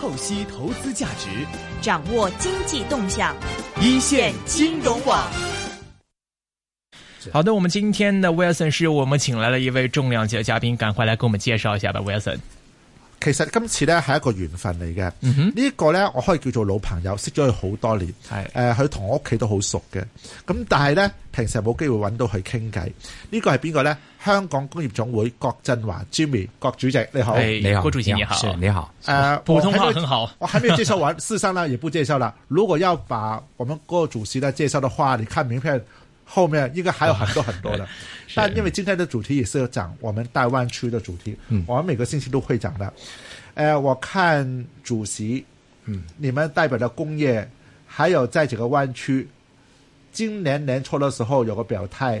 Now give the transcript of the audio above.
透析投資價值，掌握經濟動向，一線金融網。好的，我們今天呢，Wilson 是我們請來了一位重量級的嘉賓，趕快來給我們介紹一下吧，Wilson。其實今次呢係一個緣分嚟嘅，嗯哼，呢、這個呢我可以叫做老朋友，識咗佢好多年，係、哎，誒、呃，佢同我屋企都好熟嘅，咁但係、這個、呢，平時冇機會揾到佢傾偈，呢個係邊個呢？香港工業總會郭振華 Jimmy 郭主席你好，哎、你好，郭主席你好，你好。你好，呃普通話很好。我，還我還沒有介紹完， 事實上呢也不介紹了，如果要把我們郭主席的介紹的話， 你看名片後面應該還有很多很多的。哦、但因為今天的主題也是要講我們大灣區的主題，我每個星期都會講的。嗯呃、我看主席，嗯，你們代表的工業，嗯、還有在這個灣區，今年年初的時候有個表態。